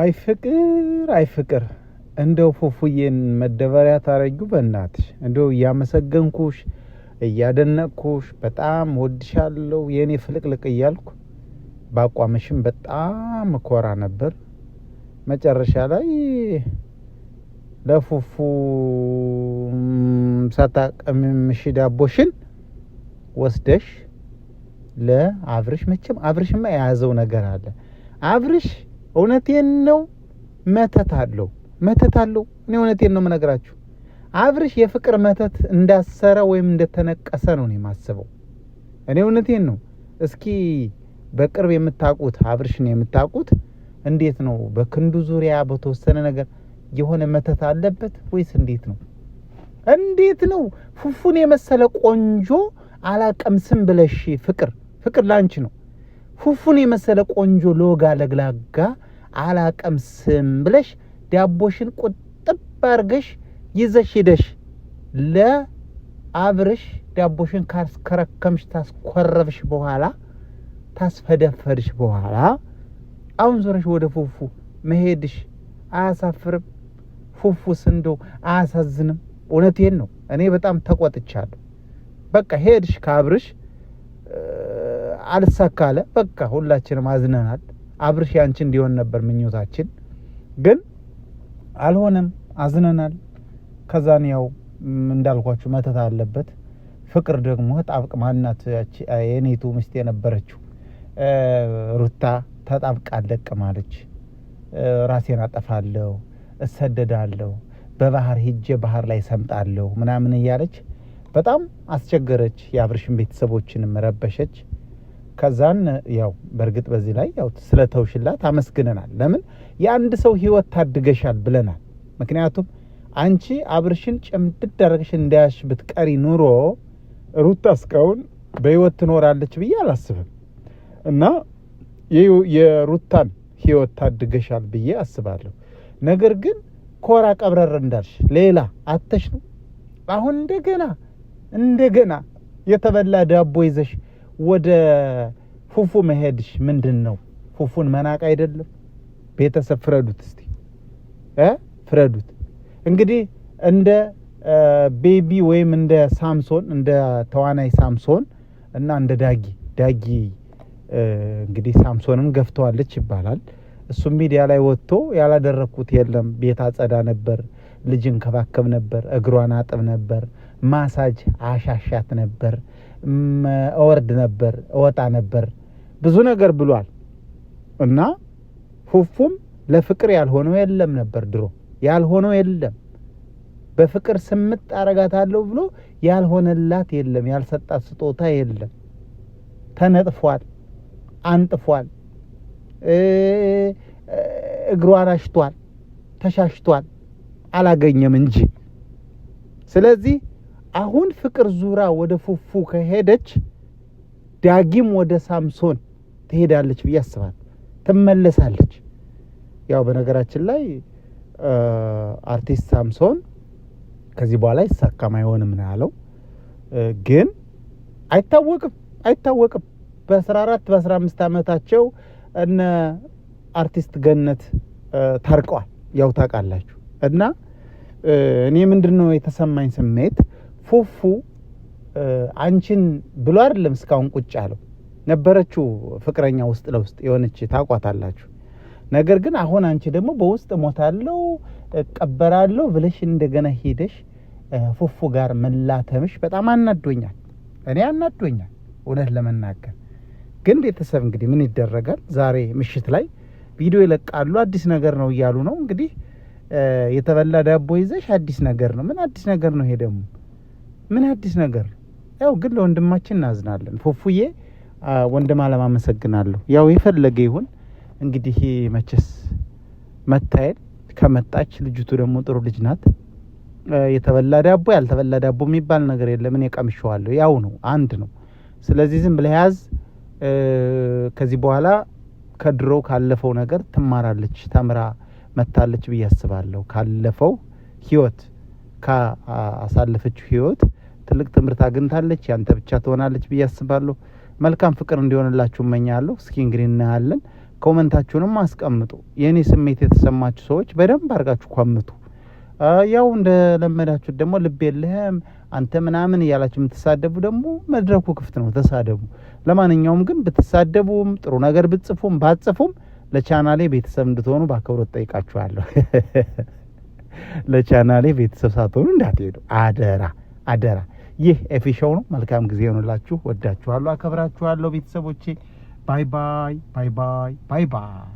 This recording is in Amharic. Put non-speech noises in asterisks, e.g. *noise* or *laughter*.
አይ ፍቅር አይ ፍቅር እንደው ፉፉዬን መደበሪያ ታረጊ በእናትሽ። እንደው እያመሰገንኩሽ እያደነቅኩሽ በጣም ወድሻለሁ የእኔ ፍልቅልቅ እያልኩ በአቋምሽም በጣም እኮራ ነበር። መጨረሻ ላይ ለፉፉ ሳታቀምምሽ ዳቦሽን ወስደሽ ለአብርሽ መቼም አብርሽማ የያዘው ነገር አለ አብርሽ እውነቴን ነው። መተት አለው መተት አለው። እኔ እውነቴን ነው የምነግራችሁ። አብርሽ የፍቅር መተት እንዳሰረ ወይም እንደተነቀሰ ነው እኔ የማስበው። እኔ እውነቴን ነው። እስኪ በቅርብ የምታውቁት አብርሽን የምታውቁት እንዴት ነው? በክንዱ ዙሪያ በተወሰነ ነገር የሆነ መተት አለበት ወይስ እንዴት ነው? እንዴት ነው? ፉፉን የመሰለ ቆንጆ አላቀም ስም ብለሽ ፍቅር ፍቅር ላንቺ ነው። ፉፉን የመሰለ ቆንጆ ሎጋ ለግላጋ አላቀም ስም ብለሽ ዳቦሽን ቁጥብ አድርገሽ ይዘሽ አብርሽ ለአብርሽ ዳቦሽን ካስከረከምሽ ታስኮረብሽ በኋላ ታስፈደፈድሽ በኋላ አሁን ዞረሽ ወደ ፉፉ መሄድሽ አያሳፍርም? ፉፉ ስንዶ አያሳዝንም? እውነቴን ነው። እኔ በጣም ተቆጥቻለሁ። በቃ ሄድሽ ከአብርሽ አልሳካለ። በቃ ሁላችንም አዝነናል። አብርሽ ያንቺ እንዲሆን ነበር ምኞታችን፣ ግን አልሆነም። አዝነናል። ከዛን ያው እንዳልኳችሁ መተት አለበት። ፍቅር ደግሞ ጣብቅ ማናት የኔቱ ሚስት የነበረችው ሩታ ተጣብቃ ማለች። ራሴን አጠፋለሁ፣ እሰደዳለሁ፣ በባህር ሂጄ ባህር ላይ ሰምጣለሁ ምናምን እያለች በጣም አስቸገረች። የአብርሽን ቤተሰቦችንም ረበሸች። ከዛን ያው በእርግጥ በዚህ ላይ ያው ስለተውሽላት አመስግነናል። ለምን የአንድ ሰው ህይወት ታድገሻል ብለናል። ምክንያቱም አንቺ አብርሽን ጭምድድ አደረግሽ እንዳያሽ ብትቀሪ ኑሮ ሩታ እስካሁን በህይወት ትኖራለች ብዬ አላስብም እና የሩታን ህይወት ታድገሻል ብዬ አስባለሁ። ነገር ግን ኮራ ቀብረር እንዳልሽ ሌላ አተሽ ነው አሁን እንደገና እንደገና የተበላ ዳቦ ይዘሽ ወደ ፉፉ መሄድሽ ምንድን ነው? ፉፉን መናቅ አይደለም። ቤተሰብ ፍረዱት፣ እስቲ ፍረዱት። እንግዲህ እንደ ቤቢ ወይም እንደ ሳምሶን እንደ ተዋናይ ሳምሶን እና እንደ ዳጊ ዳጊ እንግዲህ ሳምሶንን ገፍተዋለች ይባላል። እሱም ሚዲያ ላይ ወጥቶ ያላደረግኩት የለም፣ ቤት አጸዳ ነበር፣ ልጅ እንከባከብ ነበር፣ እግሯን አጥብ ነበር፣ ማሳጅ አሻሻት ነበር እወርድ ነበር እወጣ ነበር ብዙ ነገር ብሏል እና ፉፉም ለፍቅር ያልሆነው የለም ነበር ድሮ ያልሆነው የለም በፍቅር ስምጥ አረጋታለሁ ብሎ ያልሆነላት የለም ያልሰጣት ስጦታ የለም ተነጥፏል አንጥፏል እግሯን አሽቷል ተሻሽቷል አላገኘም እንጂ ስለዚህ አሁን ፍቅር ዙራ ወደ ፉፉ ከሄደች ዳጊም ወደ ሳምሶን ትሄዳለች ብዬ አስባለሁ። ትመለሳለች። ያው በነገራችን ላይ አርቲስት ሳምሶን ከዚህ በኋላ ይሳካም አይሆንም ነው ያለው። ግን አይታወቅም አይታወቅም። በአስራ አራት በአስራ አምስት ዓመታቸው እነ አርቲስት ገነት ታርቀዋል። ያው ታውቃላችሁ። እና እኔ ምንድን ነው የተሰማኝ ስሜት ፉፉ አንቺን ብሎ አይደለም እስካሁን ቁጭ አለው ነበረችው ፍቅረኛ ውስጥ ለውስጥ የሆነች ታቋታላችሁ። ነገር ግን አሁን አንቺ ደግሞ በውስጥ ሞታለው እቀበራለሁ ብለሽ እንደገና ሄደሽ ፉፉ ጋር መላተምሽ በጣም አናዶኛል። እኔ አናዶኛል እውነት ለመናገር ግን ቤተሰብ እንግዲህ ምን ይደረጋል? ዛሬ ምሽት ላይ ቪዲዮ ይለቃሉ። አዲስ ነገር ነው እያሉ ነው እንግዲህ የተበላ ዳቦ ይዘሽ አዲስ ነገር ነው። ምን አዲስ ነገር ነው ይሄ ደግሞ? ምን አዲስ ነገር? ያው ግን ለወንድማችን እናዝናለን። ፉፉዬ ወንድም አለም አመሰግናለሁ። ያው የፈለገ ይሁን እንግዲህ መቼስ መታየል ከመጣች ልጅቱ ደግሞ ጥሩ ልጅ ናት። የተበላ ዳቦ ያልተበላ ዳቦ የሚባል ነገር የለም። እኔ ቀምሼዋለሁ። ያው ነው፣ አንድ ነው። ስለዚህ ዝም ብለህ ያዝ። ከዚህ በኋላ ከድሮ ካለፈው ነገር ትማራለች፣ ተምራ መታለች ብዬ አስባለሁ። ካለፈው ህይወት፣ ካሳለፈችው ህይወት ትልቅ ትምህርት አግኝታለች። ያንተ ብቻ ትሆናለች ብዬ አስባለሁ። መልካም ፍቅር እንዲሆንላችሁ እመኛለሁ። እስኪ እንግዲህ እናያለን። ኮመንታችሁንም አስቀምጡ። የእኔ ስሜት የተሰማችሁ ሰዎች በደንብ አድርጋችሁ ኳምቱ። ያው እንደለመዳችሁት ደግሞ ልብ የለህም አንተ ምናምን እያላችሁ የምትሳደቡ ደግሞ መድረኩ ክፍት ነው፣ ተሳደቡ። ለማንኛውም ግን ብትሳደቡም ጥሩ ነገር ብትጽፉም ባትጽፉም ለቻናሌ ቤተሰብ እንድትሆኑ በአክብሮት ጠይቃችኋለሁ። *laughs* ለቻናሌ ቤተሰብ ሳትሆኑ እንዳትሄዱ አደራ አደራ። ይህ ኤፊሾው ነው። መልካም ጊዜ ይሆንላችሁ። ወዳችኋለሁ፣ አከብራችኋለሁ ቤተሰቦቼ። ባይ ባይ ባይ ባይ ባይ ባይ